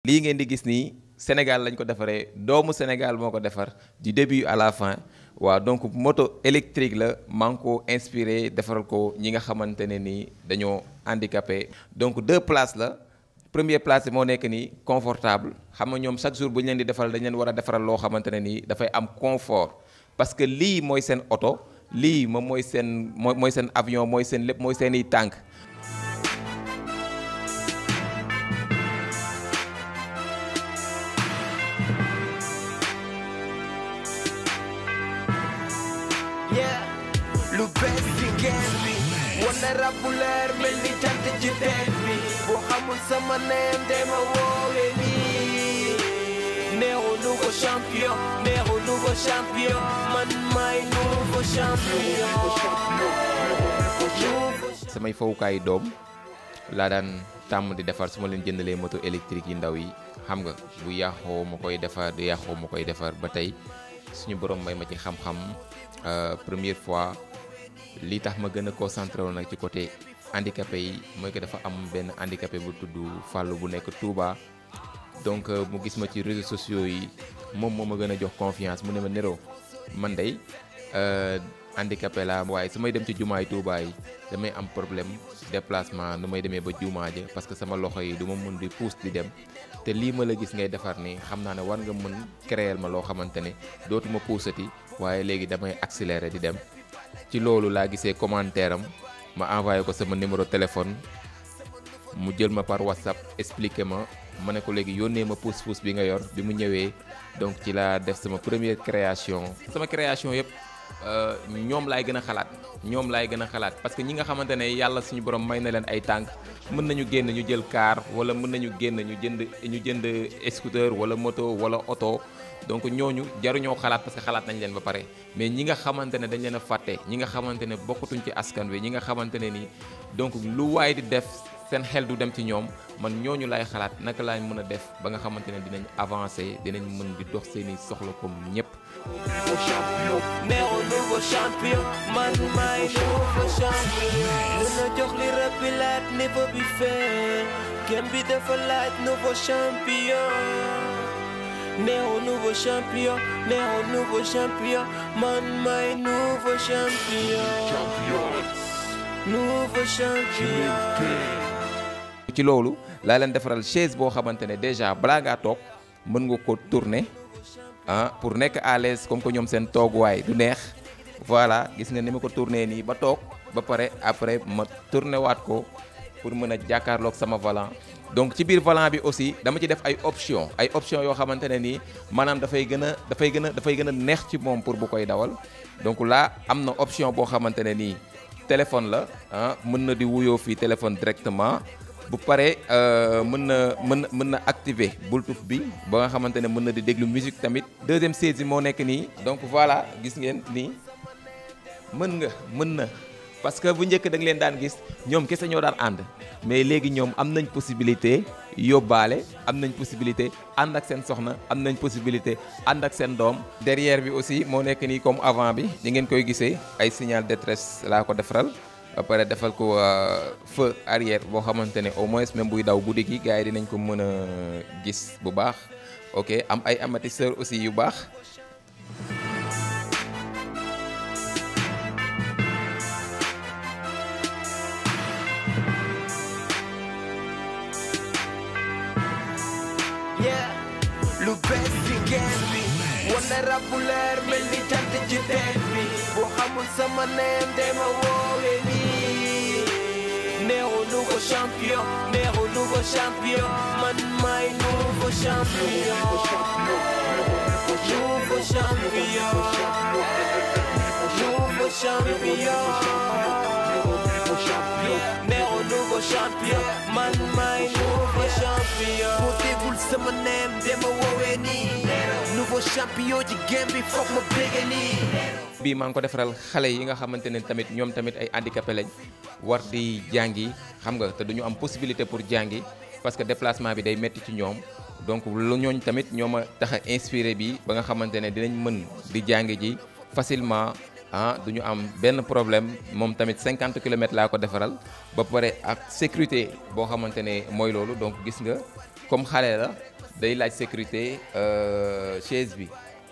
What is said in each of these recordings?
li ngeen di gis nii Sénégal lañ ko defaree doomu Sénégal moo ko defar du début à la fin waaw donc moto électrique la maa ngi ko inspiré defaral ko ñi nga xamante ne dañoo handicapé. donc deux places la première place bi moo nekk nii confortable xam nga ñoom chaque jour bu ñu leen di defal dañ leen war a defaral loo xamante ne nii dafay am confort parce que lii mooy seen oto lii moom mooy seen mooy seen avion mooy seen lépp mooy seen i tànk. sama neem dema woowe ladan tamu champion champion man champion samay di defar semua ma leen moto électrique yi ndaw yi xam nga bu dafar ma defar du yàqoo ma defar ba suñu borom may fois li tax ma gëna concentré woon nak ci côté handicapé yi moy que dafa am ben handicapé bu tuddu fallu bu nek Touba donc euh, mu gis ma ci réseaux sociaux yi mom moma gëna jox confiance mu ne ma Néro man day handicapé la way su dem ci jumaay Touba yi damay am problème déplacement nu may demee ba jumaa je parce que sama loxo yi duma mën di pousse di dem te li ma la gis ngay défar ni xamna né war nga mën créer ma lo xamanténé ne dootuma puusati waaye damay accélérer di dem ci loolu laa gisee commentaire am ma envoyé ko sama numéro téléphone mu jël ma par whatsapp expliqué ma ma ne ko léegi yónnee ma pousse pousse bi nga yor bi mu ñëwee donc ci laa def sama première création. sama création yëpp euh, ñoom laay gën a xalaat ñoom laay gën a xalaat parce que ñi nga xamante ne yàlla suñu borom may na leen ay tànk mën nañu génn ñu jël kaar wala mën nañu génn ñu jënd ñu jënd scooter wala moto wala oto. donc ñooñu jaruñoo xalaat parce que xalaat nañ leen ba pare mais ñi nga xamante ne dañu leen a fàtte ñi nga xamante ne bokkatuñ ci askan wi ñi nga xamante ne nii donc lu waay di def seen xel du dem ci ñoom man ñooñu laay xalaat naka laañ mën a def ba nga xamante ne dinañ avancé dinañ mën di dox seeni soxla comme ñépp bi dafa laaj nouveau champion Mais au nouveau champion, mais au nouveau champion, man, my nouveau champion. Nouveau champion. ci loolu laa leen defaral chaise boo xamante ne déjà balaa ngaa toog mën nga ko tourner ah pour nekk à l'aise comme que ñoom seen tooguwaay du neex voilà gis nga ni ma ko tourner nii ba toog ba pare après ma tourner waat ko pour mën a jàkkaarloog sama volant donc ci biir volant bi aussi dama ci def ay option ay option yo xamantene ni manam da fay gëna da fay gëna da fay gëna neex ci moom pour bu koy dawal donc là amna option bo xamantene ni téléphone la hein mën di wuyo fi téléphone directement bu paré euh na mën activer bluetooth bi ba nga xamantene ne di déglu musique tamit deuxième saisie mo nek ni donc voilà gis ngeen ni mën nga mën na parce que bu njëkk da nga daan gis ñoom ñoo daan faire. mais am nañ possibilité Yobale, am nañ possibilité and ak seen soxna am possibilité and ak derrière bi aussi mon comme avant bi ngeen koy ay signal détresse la ko ko euh, feu arrière au moins même buy daw gi ko gis bu baax ok am ay aussi genbi wane rabu leer mel ni jant ci teen bi bu xamul sama neem dema woowe ni Nero nouveau champion Nero nouveau champion man nouveau champion nouveau champion nouveau champion champion ci game bi foog ma bége nii. bii maa ngi ko defaral xale yi nga xamante ne tamit ñoom tamit ay handicapé war di jàngi xam nga te duñu am possibilité pour jàngi parce que déplacement bi day metti ñoom donc lu ñooñ tamit ñoo ma tax a bi ba nga xamante ne dinañ mën di jàngi ji facilement. ah duñu am benn problème moom tamit 50 km laa ko defaral ba pare ak sécurité boo xamante ne mooy loolu donc gis nga comme xale la day laaj sécurité euh, chaise bi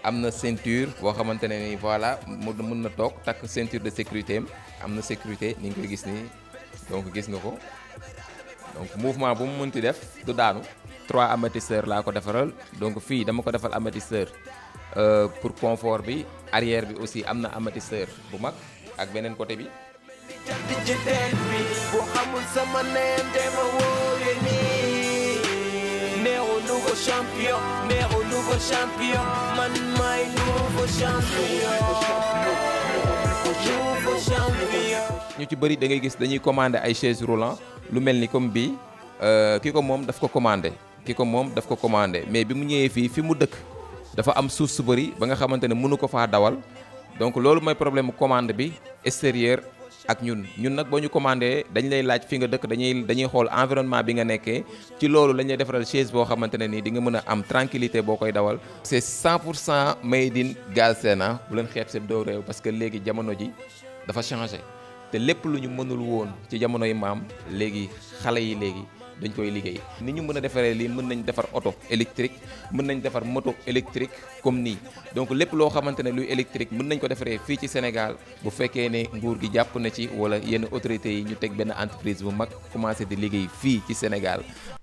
am na ceinture boo xamante ne ni voilà mu mën na toog takk ceinture de sécurité am na sécurité ni nga gis ni donc gis nga ko donc mouvement bu mu mënti def du daanu 3 amortisseurs laa ko defaral donc fii dama ko defal amortisseur Euh, pour confort bi arrière bi aussi am na amortisseur bu mag ak beneen côté bi. champion meeru nouveau champion man maay nouveau champion ñu ci bëri da ngay gis dañuy commandé ay chaise roulant lu mel ni comme bii euh, ki ko moom daf ko commandé ki ko moom daf ko commandé mais bi mu ñëwee fii fi mu dëkk dafa am suuf su bëri ba nga xamante ne mënu ko faa dawal donc loolu mooy problème commande bi extérieur ak ñun ñun nag boo ñu commandé dañ lay laaj fi nga dëkk dañuy dañuy xool environnement bi nga nekkee ci loolu lañ lay defaral chaise boo xamante ne nii di mën a am tranquillité boo koy dawal. c'est 100 pour cent made in Galsen ah, bu leen xeeb seen doo réew parce que léegi jamono ji dafa changé te lépp lu ñu mënul woon ci jamono yi maam léegi xale yi léegi. dañ koy liggéey ni ñu mën a defaree lii mën nañ defar oto électrique mën nañ defar moto électrique comme nii donc lépp loo xamante ne luy électrique mën nañ ko defaree fii ci Sénégal bu fekkee ne nguur gi jàpp na ci wala yenn autorités yi ñu teg benn entreprise bu mag commencé di liggéey fii ci Sénégal